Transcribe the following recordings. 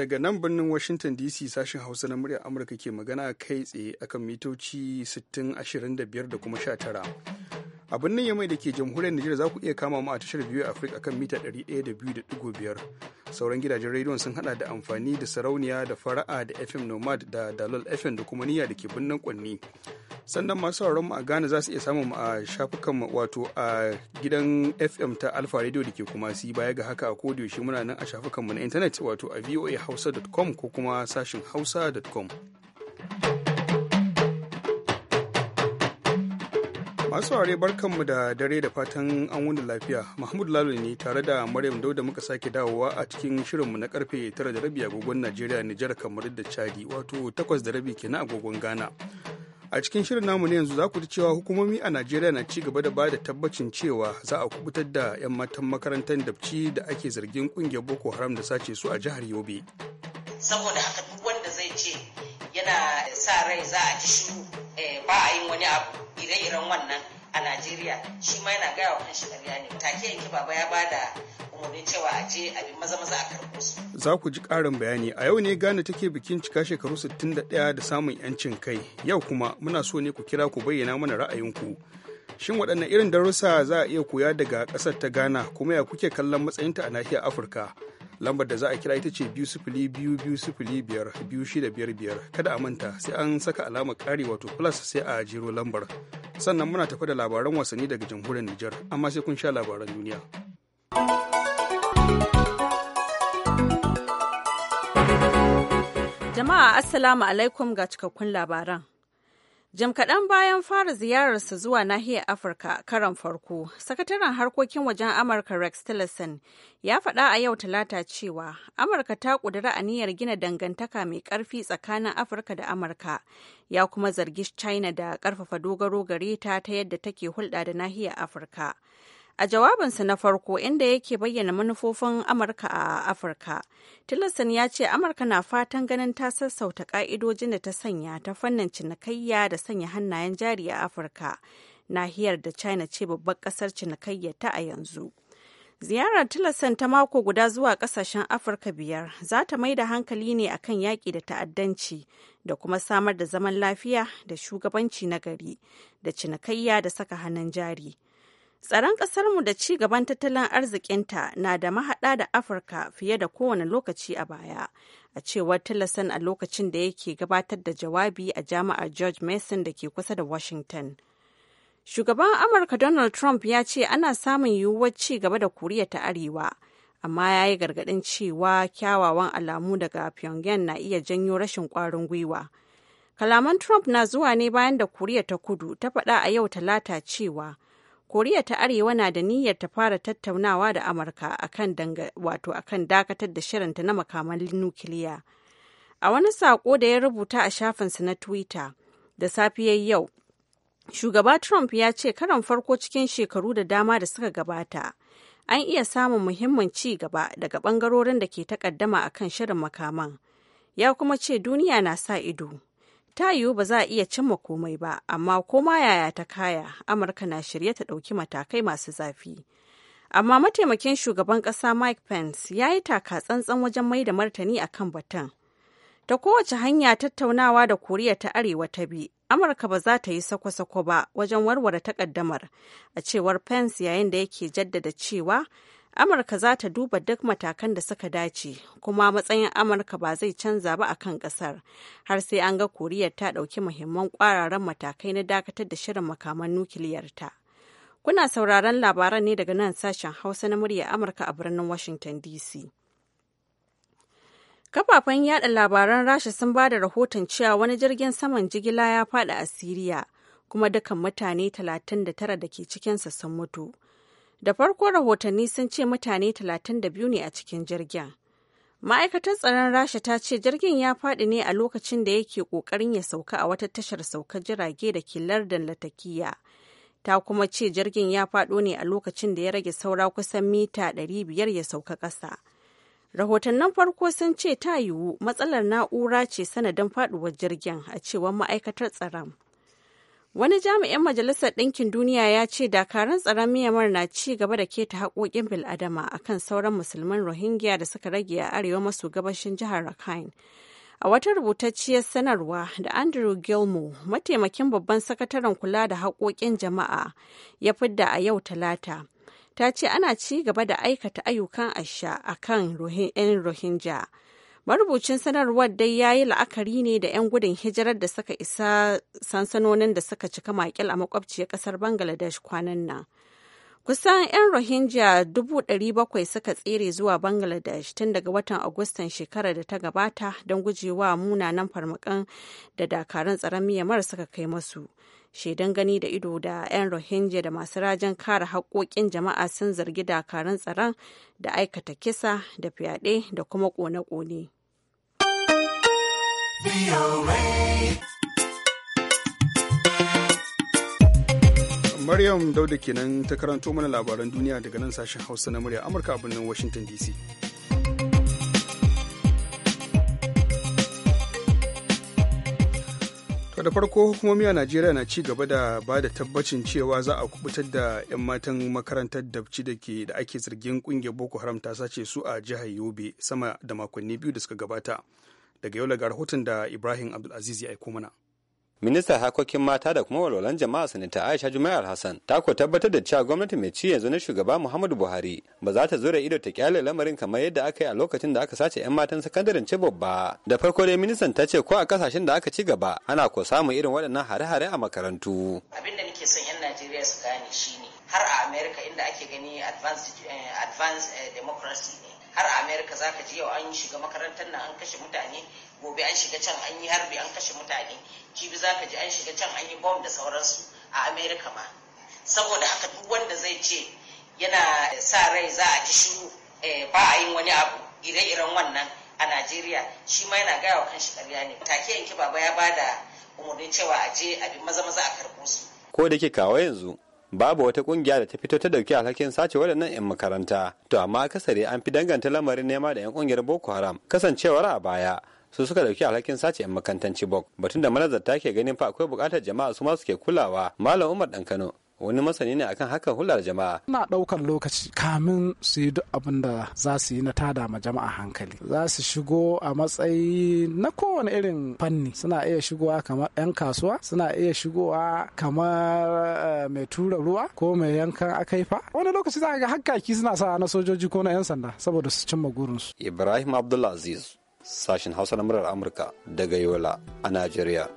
daga nan birnin washington dc sashen hausa na muryar amurka ke magana kai tsaye akan mitoci 6025 da kuma 19 a nan mai da ke jamhuriyar Nijar za ku iya kama mu a tashar biyu Afirka kan mita 102.5 sauran gidajen rediyon sun hada da amfani da sarauniya da fara'a da FM Nomad da Dalol FM da kuma niyya da ke birnin Kwanni sannan masu sauraron mu a Ghana za su iya samun mu a shafukan wato a gidan FM ta Alpha Radio da ke kuma si baya ga haka a kodiyo shi muna nan a shafukan mu na intanet wato a voahausa.com ko kuma sashin hausa.com masu ware barkanmu da dare da fatan an wuni lafiya mahmud lalo ne tare da maryam dauda muka sake dawowa a cikin shirinmu na karfe 9 da rabi agogon najeriya nijar kamar da chadi wato 8 da rabi kenan agogon ghana a cikin shirin namu ne yanzu za ku ji cewa hukumomi a najeriya na ci gaba da ba da tabbacin cewa za a kubutar da 'yan matan makarantar dabci da ake zargin kungiyar boko haram da sace su a jihar yobe saboda haka duk wanda zai ce yana sa rai za a ji shiru eh, ba a yin wani abu ire-iren wannan a najeriya shi ma yana gaya wa kanshi ƙarya ne take yanki baba ya bada umarni cewa a je abin maza-maza a karɓo su za ku ji ƙarin bayani a yau ne ghana take bikin cika shekaru sittin da ɗaya da samun 'yancin kai yau kuma muna so ne ku kira ku bayyana mana ra'ayinku shin waɗanne irin darussa za a iya koya daga ƙasar ta ghana kuma ya kuke kallon matsayinta a nahiyar afirka lambar da za a kira ita ce biyu sifili biyu biyu biyar biyu shida biyar biyar kada a manta sai an saka alamar ƙari wato plus sai a jiro lambar sannan muna tafi da labaran wasanni daga jamhuriyar Nijar amma sai kun sha labaran duniya. Jama'a Assalamu alaikum ga cikakkun labaran. Jim kaɗan bayan fara ziyararsa zuwa nahiyar Afirka karan farko, sakataren harkokin wajen Amurka Rex Tillerson ya faɗa a yau Talata cewa Amurka ta ƙudiri aniyar gina dangantaka mai ƙarfi tsakanin Afirka da Amurka, ya kuma zargi China da ƙarfafa dogaro gare ta ta yadda take hulɗa da nahiyar Afirka. A jawabinsa na farko inda yake bayyana manufofin Amurka a Afirka, Tillerson ya ce Amurka na fatan ganin ta sassauta ƙa'idojin da ta sanya ta fannin cinikayya da sanya hannayen jari a Afirka, nahiyar da China ce babbar ƙasar cinikayya ta a yanzu. Ziyarar Tillerson ta mako guda zuwa ƙasashen Afirka biyar za ta mai da hankali ne akan yaƙi da ta'addanci da kuma samar da zaman lafiya da shugabanci na gari da cinikayya da saka hannun jari. Tsaron ƙasarmu da ci gaban tattalin arzikinta na da mahaɗa da Afirka fiye da kowane lokaci a baya. A cewar Tillerson a lokacin da yake gabatar da jawabi a jami'ar George Mason da ke kusa da Washington. Shugaban Amurka Donald Trump ya ce ana samun yiwuwar ci gaba da Koriya ta Arewa, amma ya yi gargaɗin cewa kyawawan alamu daga Pyongyang na iya janyo rashin ƙwarin gwiwa. Kalaman Trump na zuwa ne bayan da Koriya ta Kudu ta faɗa a yau Talata cewa koriya ta arewa na da niyyar ta fara tattaunawa da amurka akan wato akan dakatar da shirinta na makaman nukiliya a wani saƙo da ya rubuta a shafinsa na twitter da safiyar yau shugaba trump ya ce karan farko cikin shekaru da dama da suka gabata an iya samun muhimmin ci gaba daga bangarorin da ke takaddama akan shirin makaman ya kuma ce duniya na sa ido ta yiwu ba za a iya cimma komai ba amma koma yaya ta kaya amurka na shirye ta ɗauki matakai masu zafi amma mataimakin shugaban ƙasa mike pence ya yi taka tsantsan wajen mai da martani a kan batun ta kowace hanya tattaunawa da koriya ta arewa ta bi amurka ba za ta yi sako-sako ba wajen warware takaddamar a cewar pence yayin da yake jaddada cewa amurka za ta duba duk matakan da suka dace kuma matsayin amurka ba zai canza ba a kan kasar har sai an ga koriya ta ɗauki muhimman ƙwararan matakai na dakatar da shirin makaman nukiliyarta kuna sauraron labaran ne daga nan sashen hausa na murya amurka a birnin washington dc kafafen yada labaran rasha sun ba da rahoton cewa wani jirgin saman jigila ya faɗi a siriya kuma dukan mutane 39 da ke cikinsa sun mutu. Da farko rahotanni sun ce mutane 32 ne a cikin jirgin. Ma'aikatar tsaron Rasha ta ce jirgin ya faɗi ne a lokacin da yake ƙoƙarin ya sauka a wata tashar sauka jirage da ke lardin Latakiya. Ta kuma ce jirgin ya faɗo ne a lokacin da ya rage saura kusan mita 500 ya sauka ƙasa. Rahotannin farko sun ce ta yiwu matsalar na'ura ce sanadin faɗuwar jirgin a cewar ma'aikatar tsaron. Wani jami'in Majalisar Ɗinkin Duniya ya ce dakarun tsaron Myanmar na ci gaba da keta haƙoƙin bil'adama a kan sauran musulman Rohingya da suka rage a arewa maso gabashin jihar Rakhine. A wata rubutacciyar sanarwa da Andrew gilmo mataimakin babban sakataren kula da haƙoƙin jama'a, ya fidda a yau Talata. Ta ce ana ci gaba da aikata ayyukan asha a kan 'yan Rohingya. marubucin sanarwar dai ya yi la'akari ne da 'yan gudun hijirar da suka isa sansanonin da suka cika makil a makwabciyar kasar bangladesh kwanan nan kusan 'yan rohingya 700,000 suka tsere zuwa bangladesh tun daga watan agustan shekarar da ta gabata don gujewa munanan farmakan da dakarun tsaron miyamar suka kai masu shaidan gani da ido da 'yan rohingya da masu rajin kare haƙoƙin jama'a sun zargi dakarun tsaron da aikata kisa da fyaɗe da kuma ƙone-ƙone. Maryam Dauda kenan ta karanto mana labaran duniya daga nan sashen Hausa na murya Amurka a birnin Washington DC. To da farko hukumomi a Najeriya na ci gaba da ba da tabbacin cewa za a kubutar da 'yan matan makarantar dabci da ke da ake zargin kungiyar Boko Haram ta sace su a jihar Yobe sama da makonni biyu da suka gabata. daga yau daga rahoton da ibrahim abdulaziz ya aiko mana ministan harkokin mata da kuma walwalan jama'a sanata aisha juma'ar hassan ta ko tabbatar da cewa gwamnati mai ci yanzu na shugaba muhammadu buhari ba za ta zo da ido ta kyale lamarin kamar yadda aka yi a lokacin da aka sace yan matan sakandaren ce ba. da farko dai ministan ta ce ko a kasashen da aka ci gaba ana ko samun irin waɗannan hare-hare a makarantu abin da nake son yan najeriya su gane shine har a america inda ake gani advanced, uh, democracy ne har a Amerika za ka ji yau an shiga makarantar nan an kashe mutane gobe an shiga can an yi harbi an kashe mutane jibi za ka ji an shiga can an yi bom da sauransu a Amerika ma saboda haka duk wanda zai ce yana sa rai za a ji shiru eh, ba a yin wani abu ire-iren wannan a najeriya shi ma yana gaya wa shi karya ne take yanki baba ya bada umarnin cewa a je abin maza-maza a karɓo su ko da ke kawo yanzu babu wata kungiya da ta fito ta dauki alhakin sace waɗannan 'yan makaranta to amma akasari an fi danganta lamarin nema da 'yan kungiyar boko haram kasancewar a baya su suka dauki alhakin sace 'yan makarantar chibok batun da manazarta ke ganin fa akwai bukatar jama'a su ma suke kulawa malam umar dan kano wani masani ne akan hakan hular jama'a. Ina ɗaukar lokaci kamin su yi duk abin da za su yi na tada ma jama'a hankali. Za su shigo a matsayi na kowane irin fanni suna iya shigowa kamar 'yan kasuwa suna iya shigowa kamar eh, mai tura ruwa ko mai yankan akaifa. Wani lokaci za ka ga hakkaki suna sa na sojoji ko na 'yan sanda saboda su cimma gurinsu. Ibrahim aziz sashen Hausa na murar Amurka daga Yola a Najeriya.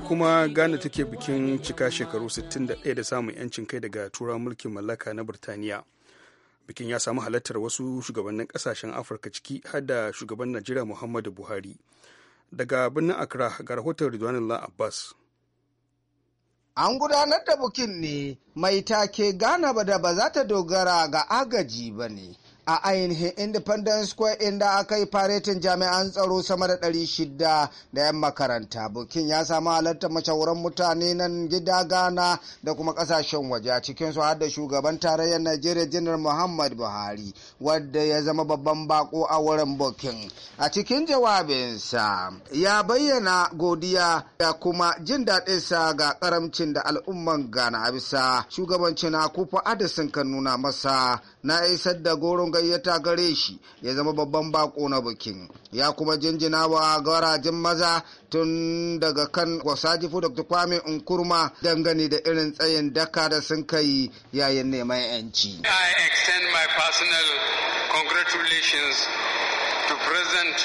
ne kuma ghana take bikin cika shekaru 61 da samun 'yancin kai daga turawan mulkin mallaka na birtaniya bikin ya samu halartar wasu shugabannin kasashen afirka ciki har da shugaban najeriya muhammadu buhari daga birnin accra ga rahoton ridwanullah abbas An gudanar da bukin ne mai take Ghana ba da ba za ta dogara ga agaji ba ne, a ainihin independence square inda aka yi faretin jami'an tsaro sama da ɗari shida da 'yan makaranta bukin ya samu halartar mashawaran mutane nan gida ghana da kuma ƙasashen waje a cikinsu su da shugaban tarayyar najeriya janar muhammad buhari wadda ya zama babban bako a wurin bukin a cikin jawabinsa ya bayyana godiya da kuma jin daɗinsa ga karamcin da al'umman ghana a bisa shugabancin akufa adasin kan nuna masa na isar da goron gayyata gare shi ya zama babban bako na bikin ya kuma jinjina wa garajin maza tun daga kan wasajifu dr kwame nkurma dangane da irin tsayin daka da sun kai yayin neman yanci i extend my personal congratulations to president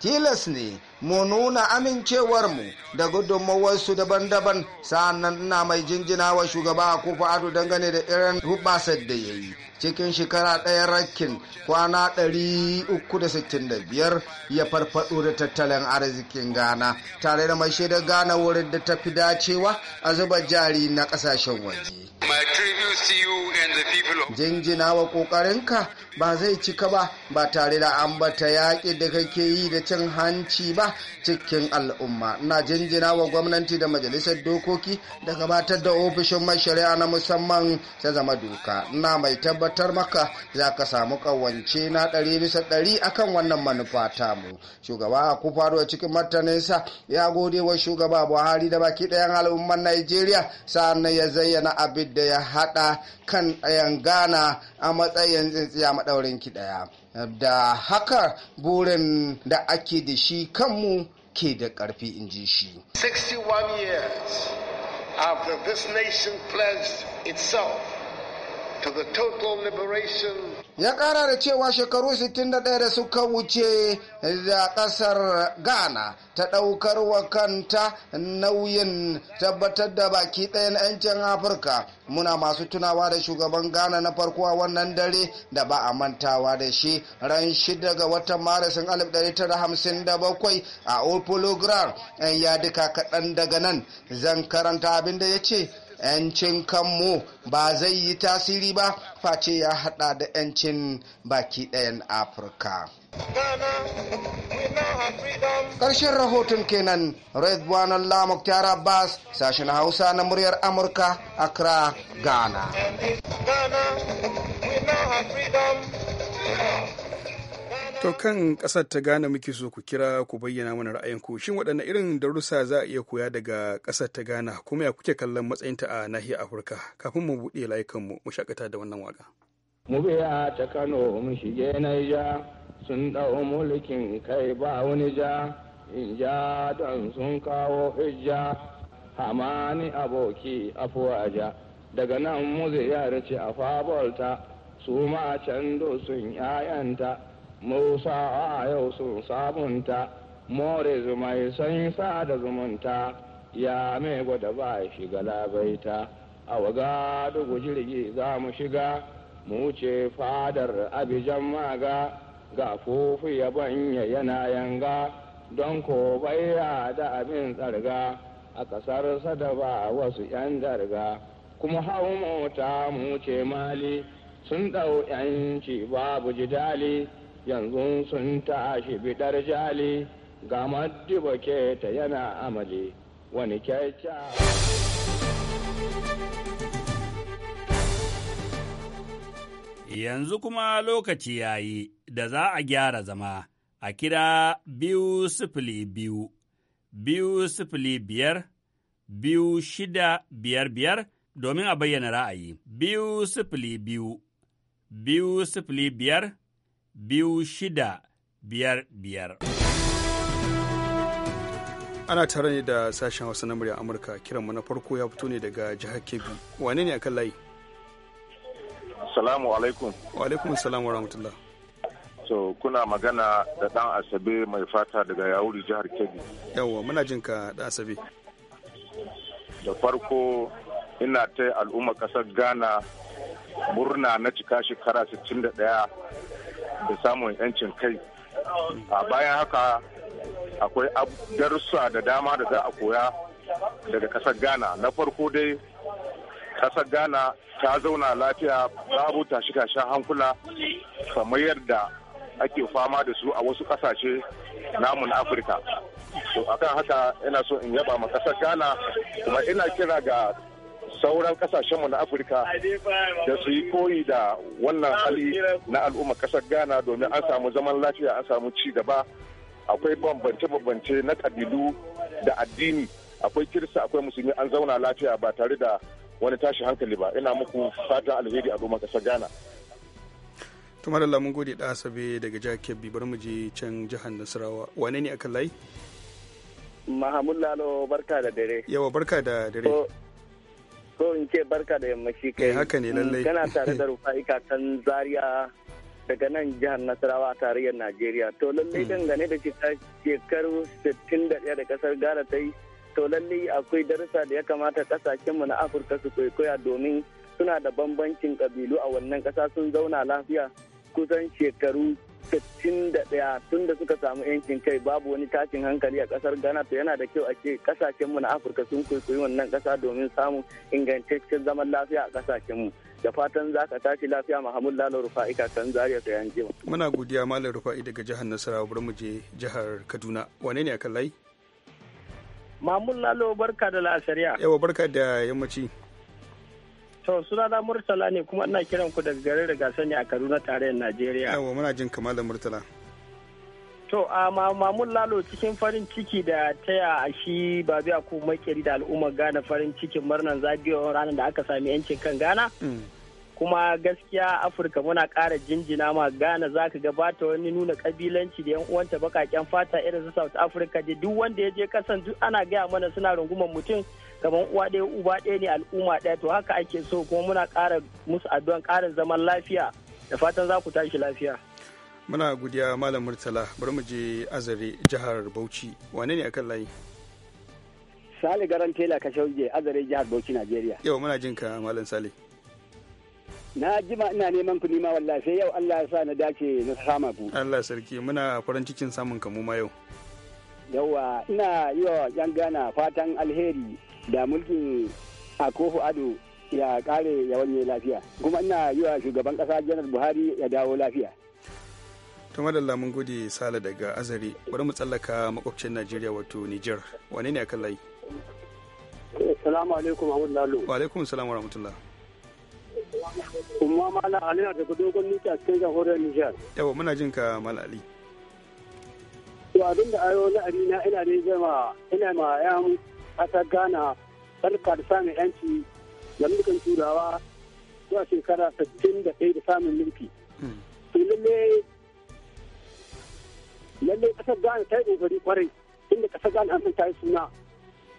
Tilas ne mu nuna amincewarmu da gudunmawarsu daban-daban sa'annan ina mai jinjina wa shugaba kufa Ado dangane da irin hubasar da ya yi. Cikin shekara ɗaya rakin kwana 365 ya farfaɗo da tattalin arzikin Ghana tare da mai shaidar Ghana wurin da ta fi dacewa a zuba jari na ƙasashen waje. Jinjina wa ƙoƙarinka ba zai cika ba ba tare da ambata yaƙi daga kake yi da cin hanci ba cikin al'umma na jinjina wa gwamnati da majalisar dokoki da gabatar da ofishin mai shari'a na musamman ta zama doka na mai tabbatar maka za ka samu kawance na ɗari bisa ɗari akan wannan manufa mu. shugaba a kufaruwa cikin martaninsa ya gode wa shugaba buhari da baki ɗayan al'umman najeriya sa'an ya zayyana abin da ya haɗa kan ɗayan ghana a matsayin tsintsiya maɗaurin ki ɗaya da haka burin da ake da shi kanmu ke da ƙarfi in ji shi. 61 years after this nation pledged itself to the total liberation ya kara da cewa shekaru 61 da suka wuce da kasar ghana ta daukar wa kanta nauyin tabbatar da baki ɗayan 'yancin afirka muna masu tunawa da shugaban ghana na farko a wannan dare da ba a mantawa da shi ran shi daga watan marisin 1957 a opolo grand 'yan yadika kaɗan daga nan zan karanta abin da ya ce 'yancin kanmu ba zai yi tasiri ba face ya hada da 'yancin baki ɗayan afirka Karshen rahoton kenan Redwan lamok tara bas sashen Hausa na muryar Amurka a Ghana. Ghana, To kan ƙasar ta Ghana muke so ku kira ku bayyana mana ra'ayinku shin waɗanne irin darussa za a iya koya daga ƙasar ta Ghana kuma ya kuke kallon matsayinta a nahiyar Afirka kafin mu buɗe layukanmu mu shakata da wannan waka. Mu biya ta Kano mu shige Naija sun ɗau mulkin kai ba wani ja in ja don sun kawo hijja hamani aboki afuwaja daga nan mu ziyarci a fabolta su ma can sun 'ya'yanta musa a yau sun sabunta more zumai sun sa da zumunta ya mai gwada ba shiga labaita a waga dugu jirgi za mu shiga mu ce fadar abijan maga ga fufu ya banya yana yanga don ko ya da abin tsarga a ƙasar ba wasu 'yan darga kuma hau mota mu ce mali sun ɗau 'yanci babu jidali yanzu sun tashi bidar jali ga maddiba ta yana amali wani kyakya Yanzu kuma lokaci ya yi da za a gyara zama a kira biyu sifili biyu, biyu sifili biyar, biyu shida biyar biyar domin a bayyana ra'ayi. Biyu sifili biyu, biyu sifili biyar, biyu shida biyar biyar. Ana tare ne da sashen Hausa na murya Amurka kiranmu na farko ya fito ne daga jihar Kebbi. Wane ne akan layi? Salamu alaikum. Wa alaikum salam wa rahmatullah. So kuna magana da ɗan Asabe mai fata daga Yawuri jihar Kebbi. Yawwa muna jin ka da Asabe. Da farko ina ta al'umma ƙasar Ghana murna na cika shekara 61 da samun 'yancin kai a bayan haka akwai darussa da dama da za a koya daga kasar ghana na farko dai kasar ghana ta zauna lafiya babu tashi-tashen hankula kamar yadda ake fama da su a wasu kasashe namun afirka to akan haka ina so in yaba ma kasar ghana kuma ina kira ga sauran kasashenmu na afirka da su yi koyi da wannan hali na al'umma kasar ghana domin an samu zaman lafiya an samu ci gaba akwai bambance-bambance na kabilu da addini akwai kirista akwai musulmi an zauna lafiya ba tare da wani tashi hankali ba ina muku fatan alheri al'umma kasar ghana kamar da lamun gode da asabe daga jihar bibar mu je can jihar nasarawa wane ne akan layi mahamud lalo barka da dare yawa barka da dare so in ce barka da yammaci kai eh, haka ne lallai kana tare da rufai kakan zaria daga nan jihar nasarawa tarayyar najeriya to lallai hmm. dangane da shekaru 61 da kasar Ghana ta yi to lallai akwai darussa da ya kamata kasashenmu na afirka su kwaikwaya domin suna da bambancin kabilu a wannan kasa sun zauna lafiya kusan shekaru 61 tun da suka samu yankin kai babu wani tashin hankali a kasar ghana to yana da kyau a ce kasashenmu na afirka sun kusuri wannan kasa domin samun ingantaccen zaman lafiya a kasashenmu da fatan za ka tashi lafiya mahamud lalo rufa'i kakan zaria ta yanke muna godiya malam rufa'i daga jihar nasarawa bari mu je jihar kaduna wane ne a kan layi mamun barka da la'asariya. yawa barka da yammaci To suna sunana Murtala ne kuma ina kiran ku daga garin sani a Kaduna tarayyar Najeriya. Yawa muna jin kama da Murtala. To a Mamun Lalo cikin farin ciki da taya a shi Babi ko Makeri da al'ummar gana farin cikin murnar zagayowar ranar da aka sami 'yancin kan gana. Mm. kuma gaskiya afirka muna ƙara jinjina ma ghana za ka gabata wani nuna kabilanci da yan uwanta bakaken fata irin su south africa da duk wanda ya je kasan duk ana gaya mana suna runguman mutum kamar uwa ɗaya uba ɗaya ne al'umma ɗaya to haka ake so kuma muna ƙara musu addu'an ƙarin zaman lafiya da fatan za ku tashi lafiya muna godiya malam murtala bari mu je azare jihar bauchi wane ne akan layi sale garan tela kashe azare jihar bauchi najeriya yau muna jin ka malam sale na jima ina neman ku nima wallahi sai yau Allah ya sa na dace na sama ku Allah sarki muna farin cikin samun kamu ma yau yawa ina yi wa yan gana fatan alheri da mulkin a kofu ado ya kare ya wanye lafiya kuma ina yi wa shugaban kasa janar buhari ya dawo lafiya to madalla mun gode sala daga azare bari mu tsallaka makwabcin najeriya wato niger wane ne a kan layi assalamu alaikum wa alaikum assalam wa rahmatullah kuma mala ali na daga dogon nuki a cikin jamhuriyar nijar yawa muna jin ka malam ali to abin da ayo na la'ari na ina ne zama ina ma yan ƙasar ghana barka da samun yanci da mulkin turawa zuwa shekara 61 da samun mulki mm. to lalle lalle ƙasar ghana ta yi ƙoƙari kwarai inda ƙasar gana an ta yi suna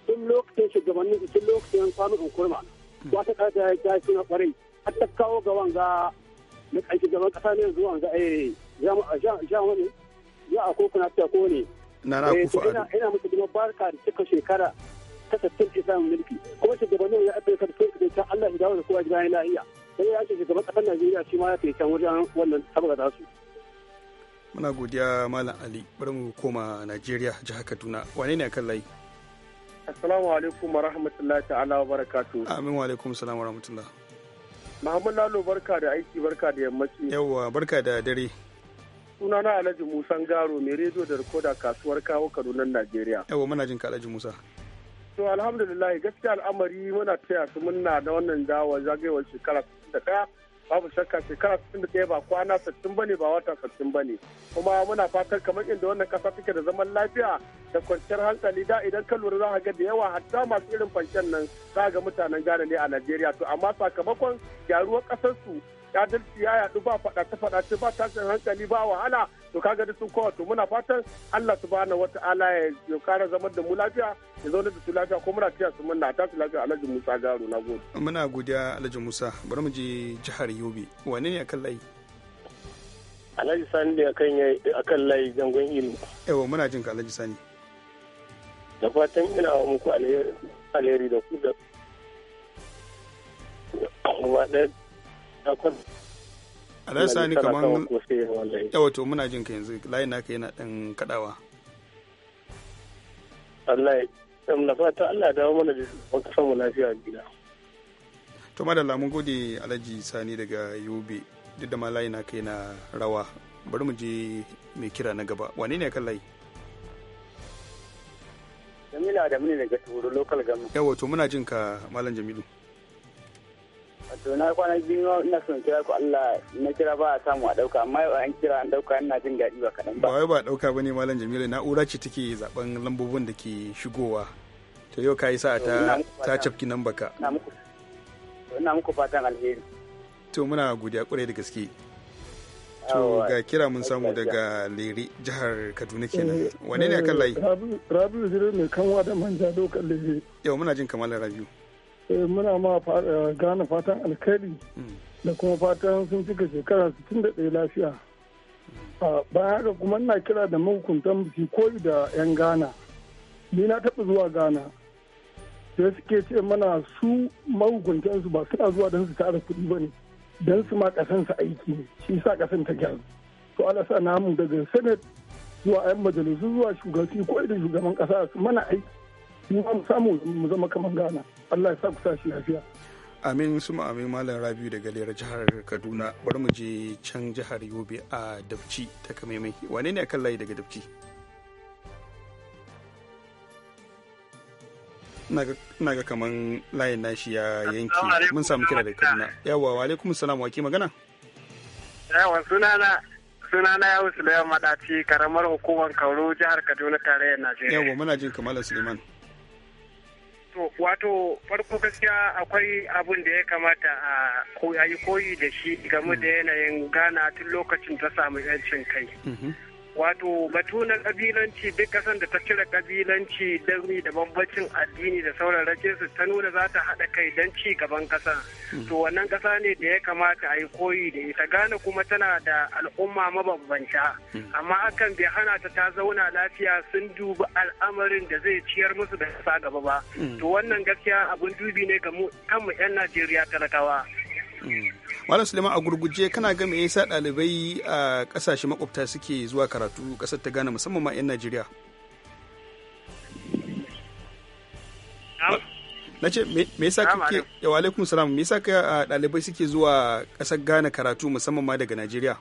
tun lokacin shugabannin tun lokacin kwanukan kurma mm. wata ƙasa ta yi suna kwarai har ta kawo ga wanga na ƙarshe ƙasa ne zuwa wanga eh, ja wani ya a kokuna ta ko na na eh, kufa ina ina musu kuma barka da cika shekara ta tattun mulki kuma shugabannin ya afirka da sun ta Allah ya dawo da kowa gidan lahiya sai ya ce shugaban ƙasar Najeriya shi ma ya kai wajen wannan da su muna godiya malam ali bari mu koma najeriya jihar kaduna wane ne akan layi assalamu alaikum wa rahmatullahi ta'ala wa barakatuh amin wa alaikum salam wa rahmatullahi Muhammad Lalo barka da aiki barka da yammaci. Yawwa barka da dare. Suna na Alhaji Musa Garo mai rediyo da rikoda kasuwar kawo Kaduna Najeriya. Yawwa muna jin ka Alhaji Musa. To alhamdulillah gaskiya al'amari muna taya su muna da wannan zawa zagayewar shekara 61 babu shakka shekara tun da ba kwana sittin ba ne ba wata sittin bane ne kuma muna fatan kamar inda wannan ƙasa take da zaman lafiya da kwanciyar hankali da idan ka lura za ga da yawa hatta masu irin fanshen nan za ga mutanen gane ne a najeriya to amma sakamakon gyaruwar kasar su. adalci ya yaɗu ba faɗace-faɗace ba tashin hankali ba wahala to kaga da sun kowa to muna fatan Allah subhanahu wata'ala ya kara zaman da mu lafiya ya zauna da su lafiya ko muna tiya su muna ta su lafiya Alhaji Musa Garo na gode muna godiya Alhaji Musa bari mu je jihar Yobe wane ne akan layi Alhaji Sani ne akan akan layi zangon ilimi yawa muna jin ka Alhaji Sani da fatan ina wa muku alheri da ku da a da sani kamar yawa to muna jin ka yanzu layin naka yana dan kadawa Allah na fata Allah dawo mana da kasar mu lafiya gida to madalla mun gode Alhaji Sani daga Yobe duk da ma layi naka yana rawa bari mu je mai kira na gaba wane ne kan layi Jamilu Adamu ne daga Turo Local Government. Yawo to muna jin ka Malam Jamilu. to na kwana biyu ina son kira ku Allah na kira ba a samu a dauka amma yau an kira an dauka ina jin daɗi ba kadan ba. wai ba dauka bane malam Jamilu na'ura ce take zaben lambobin da ke shigowa. To yau kai sa ta ta chapki nan baka. Ina muku fatan alheri. To muna godiya kurai da gaske. To ga kira mun samu daga Lere jihar Kaduna kenan. Wane ne akan layi? Eh, Rabiu Zire ne kanwa da manja dokar Lere. Yau muna jin kamar Rabiu. Eh, muna ma eh, gane fatan alkali da kuma fatan sun cika shekara 61 lafiya ah, bayan haka kuma na kira da mahukuntan biki koyi da 'yan gana ni na taɓa zuwa gana sai suke ce mana su mahukuntan su ba suna zuwa don su tara kuɗi ba ne don su ma ƙasan su aiki shi sa kasan ta gyaru to ala sa namu daga senate zuwa 'yan majalisu zuwa shugabanci koyi da shugaban ƙasa su mana aiki mu samu mu zama kamar Allah ya sa ku lafiya amin suma amin malam rabiu daga lera jihar kaduna bari mu je can jihar yobe a dabci ta kamaimai wane ne akan layi daga dabci na ga kaman layin nashi ya yanke mun samu kira daga kaduna yawa wa alaikum salam wa ke magana yawa sunana sunana ya da yawan madaci karamar hukumar kauro jihar kaduna tarayyar najeriya yawa muna jin kamala suleiman To wato farko gaskiya akwai abin da ya kamata a yi koyi da shi game da mm. yanayin gana tun lokacin ta samu 'yancin kai. Mm-hmm. wato batu kabilanci duk kasan da ta cire kabilanci dauri da bambancin addini da sauran su ta nuna za ta haɗa kai don ci gaban kasa hmm. to wannan kasa ne da ya kamata a yi koyi da ita gane kuma tana da al'umma mabambanta hmm. amma akan bai hana ta ta zauna lafiya sun dubi al'amarin da zai ciyar musu da kasa gaba ba hmm. to wannan gaskiya abin dubi ne ga mu kanmu 'yan najeriya talakawa Malam Suleiman a gurguje kana ga me yasa ɗalibai a ƙasashe makwabta suke zuwa karatu ƙasar ta gana musamman ma 'yan Najeriya? Na ce me yasa kake wa alaikum salam me yasa ka ɗalibai suke zuwa ƙasar gana karatu musamman ma daga Najeriya?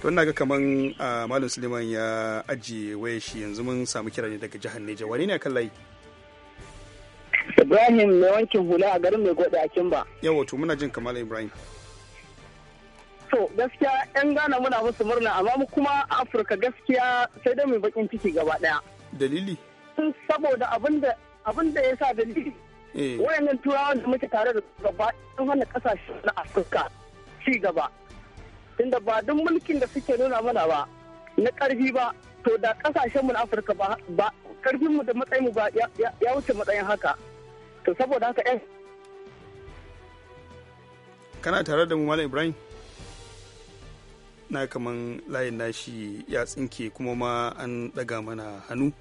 to ina ga kaman malam suleiman ya ajiye waya shi yanzu mun samu kira ne daga jihar neja Wani ne kan layi Ibrahim mai wankin hula a garin mai gode a Kimba. Yawa to muna jin kamar Ibrahim. To gaskiya 'yan Ghana muna musu murna amma mu kuma Afirka gaskiya sai dai mai bakin ciki gaba daya. Dalili? Saboda abin da ya sa dalili. Eh. Wayannan turawan da muke tare da gaba sun hana kasashe na Afirka ci gaba. Tunda ba duk mulkin da suke nuna mana ba na karfi ba to da kasashen mu na Afirka ba karfin mu da matsayin mu ba ya wuce matsayin haka. to saboda haka ɗan eh. kana tare da mu malam ibrahim na kaman layin nashi ya tsinke kuma ma an ɗaga mana hannu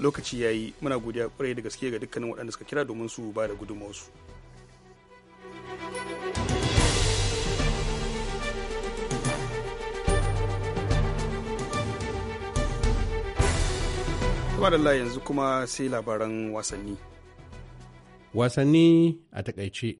lokaci ya yi muna godiya kwarai da gaske ga dukkanin waɗanda suka kira domin su ba da gudunmawarsu. kuma da yanzu kuma sai labaran wasanni. wasanni a takaice.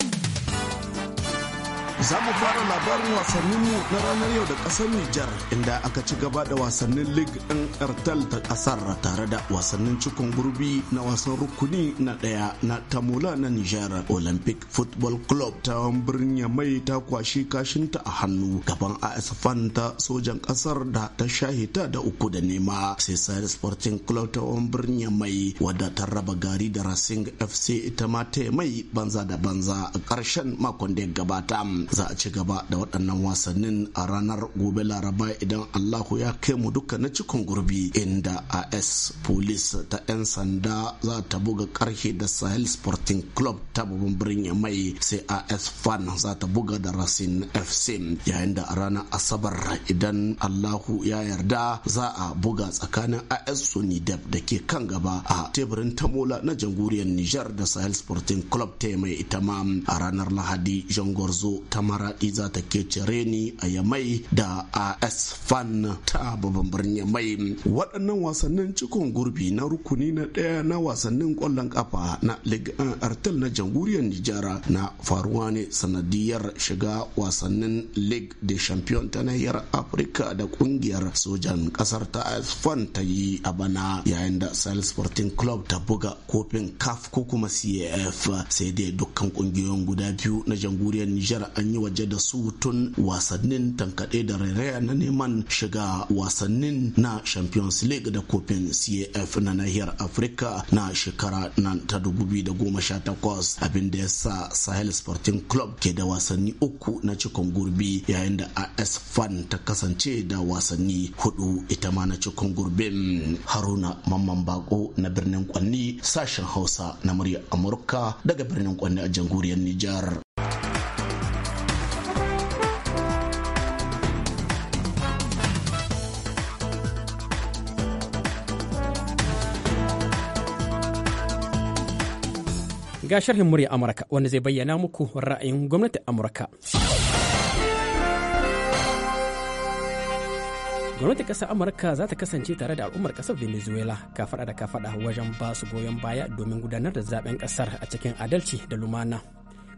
Za mu fara labarin wasanninmu na ranar yau da ƙasar Nijar inda aka ci gaba da wasannin Lig ɗin Ertel ta ƙasar tare da wasannin cikon gurbi na wasan rukuni na ɗaya na Tamula na Nijar. Olympic Football Club ta birnin mai ta kwashi kashinta a hannu gaban AS Fan ta sojan ƙasar da ta shahita da uku da nema. Sai Sare Sporting Club ta birnin mai wadda ta raba gari da Racing FC ita ma ta mai banza da banza a ƙarshen makon da ya gabata. za a ci gaba da waɗannan wasannin a ranar gobe laraba idan allahu ya kai mu duka na cikin gurbi inda as police ta 'yan sanda za ta buga karhe da sahel sporting club ta babban birnin mai sai as fan za ta buga da Rasin fc yayin da a ranar asabar idan allahu ya yarda za a buga tsakanin as sunidab da ke kan gaba a teburin tamola na jamhuriyar nijar da sahel sporting club ta mai ita ma a ranar lahadi jangorzo ta Maraɗi za ta cire ni a yamai da as fan ta babban birnin yamai waɗannan wasannin cikon gurbi na rukuni na ɗaya na wasannin ƙwallon ƙafa na ligan 1 artel na jamhuriyar nijara na faruwa ne sanadiyar shiga wasannin league de champion ta nahiyar afirka da ƙungiyar sojan ƙasar ta as fan ta yi a bana yayin da sahel sporting club ta buga kofin caf ko kuma caf sai dai dukkan ƙungiyoyin guda biyu na jamhuriyar nijar an yi waje da su tun wasannin tankaɗe da rairaya na neman shiga wasannin na champions league da kofin caf na nahiyar afirka na shekara nan ta 2018 abin da ya sa sahel sporting club ke da wasanni uku na cikon gurbi yayin da as fan ta kasance da wasanni hudu ita ma na cikon gurbin haruna mamman bako na birnin kwanni sashen hausa na murya amurka daga birnin kwanni a jamhuriyar nijar Ga sharhin murya Amurka wanda zai bayyana muku ra'ayin gwamnati Amurka. gwamnati ƙasar amurka za ta kasance tare da al'ummar ƙasar venezuela kafaɗa da kafaɗa wajen ba su goyon baya domin gudanar da zaben ƙasar a cikin adalci da lumana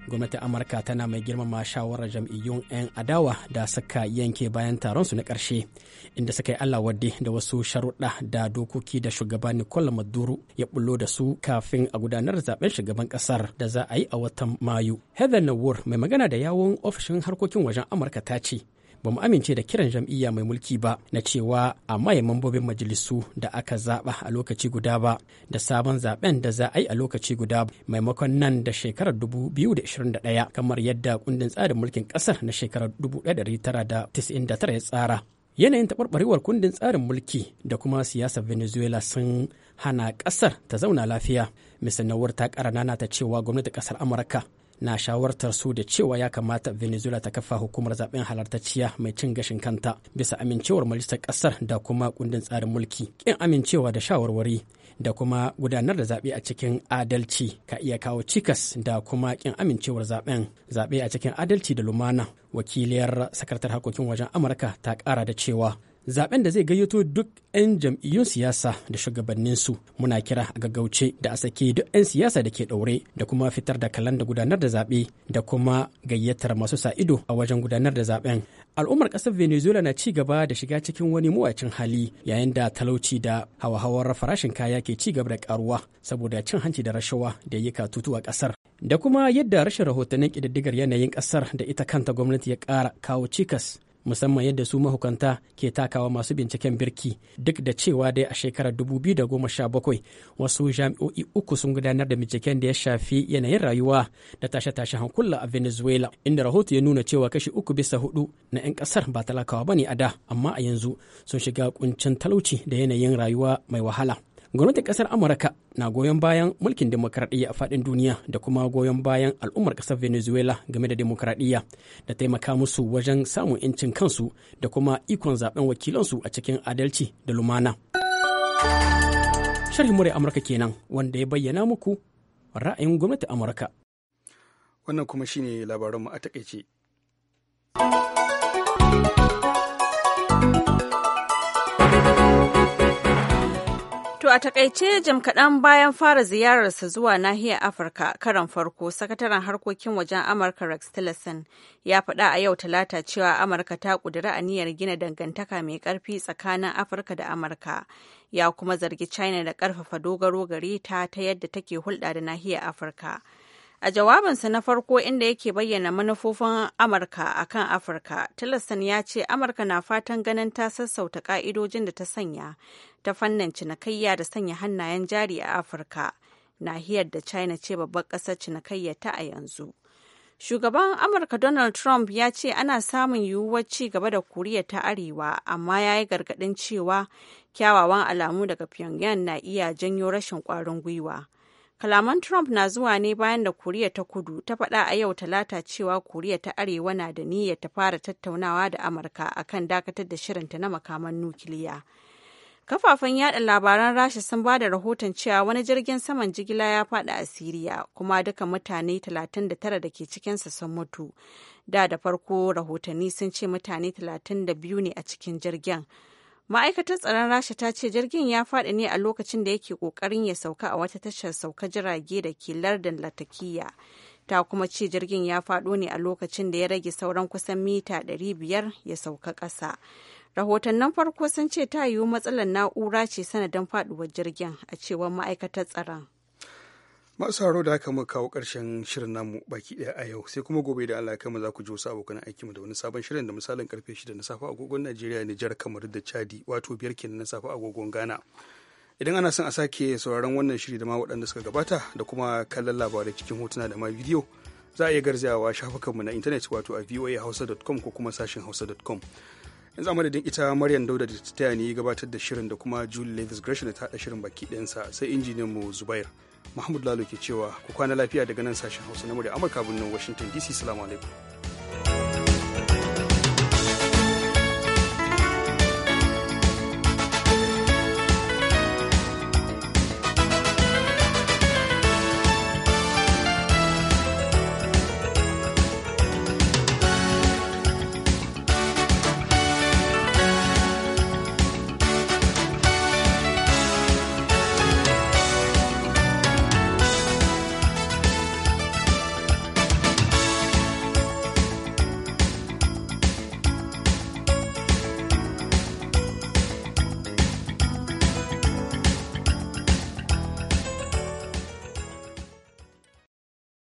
gwamnatin amurka tana mai girmama shawarar jam'iyyun 'yan adawa da suka yanke bayan taron su na ƙarshe inda suka yi allah wadde da wasu sharuɗa da dokoki da shugaba nicola maduro ya bullo da su kafin a gudanar da zaben shugaban ƙasar da za a yi a watan mayu heather nawur mai magana da yawon ofishin harkokin wajen amurka ta ce ba mu amince da kiran jam'iyya mai mulki ba na cewa a maye mambobin majalisu da aka zaɓa a lokaci guda ba da sabon zaben da za a yi a lokaci guda maimakon nan da shekarar 2021 kamar yadda kundin tsarin mulkin ƙasar na shekarar 1999 ya tsara. yanayin taɓarɓarewar kundin tsarin mulki da kuma siyasar venezuela sun hana ƙasar ta zauna lafiya misanawar ta ƙara nana ta cewa gwamnati ƙasar amurka na shawartar su da cewa ya kamata venezuela ta kafa hukumar zaben halartacciya mai cin gashin kanta bisa amincewar majalisar kasar da kuma kundin tsarin mulki kin amincewa da shawarwari da kuma gudanar da zaɓe a cikin adalci ka iya kawo cikas da kuma kin amincewar zaben zaɓe a cikin adalci da lumana wakiliyar sakatar harkokin wajen amurka ta ƙara da cewa zaben da zai gayyato duk 'yan jam'iyyun siyasa da shugabanninsu muna kira a gaggauce da a sake duk 'yan siyasa da ke ɗaure da kuma fitar da kalanda gudanar da zaɓe da kuma gayyatar masu sa ido a wajen gudanar da zaben al'ummar ƙasar venezuela na ci gaba da shiga cikin wani mawacin hali yayin da talauci da hawa-hawar farashin kaya ke ci gaba da karuwa saboda cin hanci da rashawa da yi katutu a ƙasar da kuma yadda rashin rahotannin ƙididdigar yanayin ƙasar da ita kanta gwamnati ya ƙara kawo cikas musamman yadda su mahukanta ke takawa masu binciken birki duk da cewa dai a shekarar 2017 wasu jami'o'i uku sun gudanar da binciken da ya shafi yanayin rayuwa da tashe tashe hankula a venezuela inda rahoto ya nuna cewa kashi uku bisa hudu na 'yan kasar ba talakawa ba ne a da amma a yanzu sun shiga kuncin talauci da yanayin rayuwa mai wahala gwamnatin kasar amurka na goyon bayan mulkin demokradiyya a faɗin duniya da kuma goyon bayan al'ummar kasar venezuela game da demokradiyya da taimaka musu wajen samun 'yancin kansu da kuma ikon zaben wakilansu a cikin adalci da lumana sharhin murai amurka kenan wanda ya bayyana muku ra'ayin gwamnatin amurka wannan kuma shine labaranmu a takaice a takaice jim kaɗan bayan fara ziyararsa zuwa nahiyar Afirka karan farko, sakataren harkokin wajen Amurka Rex Tillerson ya faɗa a yau talata cewa Amurka ta ƙudiri aniyar gina dangantaka mai ƙarfi tsakanin Afirka da Amurka. Ya kuma zargi China da ƙarfafa dogaro gare ta ta yadda take hulɗa da nahiyar Afirka. A jawabinsa na farko inda yake bayyana manufofin Amurka a kan Afirka, Tillerson ya ce Amurka na fatan ganin ta sassauta ƙa'idojin da ta sanya ta fannin cinikayya da sanya hannayen jari a Afirka, nahiyar da China ce babbar ƙasar cinikayya ta a yanzu. Shugaban Amurka Donald Trump ya ce ana samun yiwuwar ci gaba da Koriya ta Arewa, amma ya yi gargaɗin cewa kyawawan alamu daga Pyongyang na iya janyo rashin ƙwarin gwiwa. Kalaman Trump na zuwa ne bayan da Koriya ta kudu ta faɗa a yau talata cewa Koriya ta arewa na da niyya ta fara tattaunawa da Amurka kan dakatar da shirinta na makaman nukiliya. Kafafen yada labaran Rasha sun ba da rahoton cewa wani jirgin saman jigila ya faɗi a Siriya kuma duka mutane 39 da ke cikinsa sun mutu. Da da farko rahotanni sun ce mutane 32 ne a cikin jirgin. ma'aikatar tsaron rasha ta ce jirgin ya faɗi ne a lokacin da yake ƙoƙarin ya sauka a wata tashar sauka jirage da ke lardin latakiya ta kuma ce jirgin ya faɗo ne a lokacin da ya rage sauran kusan mita 500 ya sauka ƙasa rahotannin farko sun ce ta yiwu matsalar na'ura ce sanadin faɗuwar jirgin a cewar ma'aikatar tsaron masu haro da haka muka kawo ƙarshen shirin namu baki ɗaya a yau sai kuma gobe da Allah kama za ku ji wasu abokan aikinmu da wani sabon shirin da misalin karfe shida na safa agogon Najeriya Nijar kamar da Chadi wato biyar kenan na safa agogon Ghana idan ana son a sake sauraron wannan shiri da ma waɗanda suka gabata da kuma kallon labarai cikin hotuna da ma bidiyo za a iya garzayawa shafukanmu na intanet wato a voahausa.com ko kuma sashen hausa.com yanzu amadadin ita maryam dauda da ta ne gabatar da shirin da kuma julie levis gresham da ta haɗa shirin baki ɗansa sai injiniyan mu zubair mahmud lalo ke cewa ku kwana lafiya daga nan sashen hausa na murya amurka birnin washington dc salamu alaikum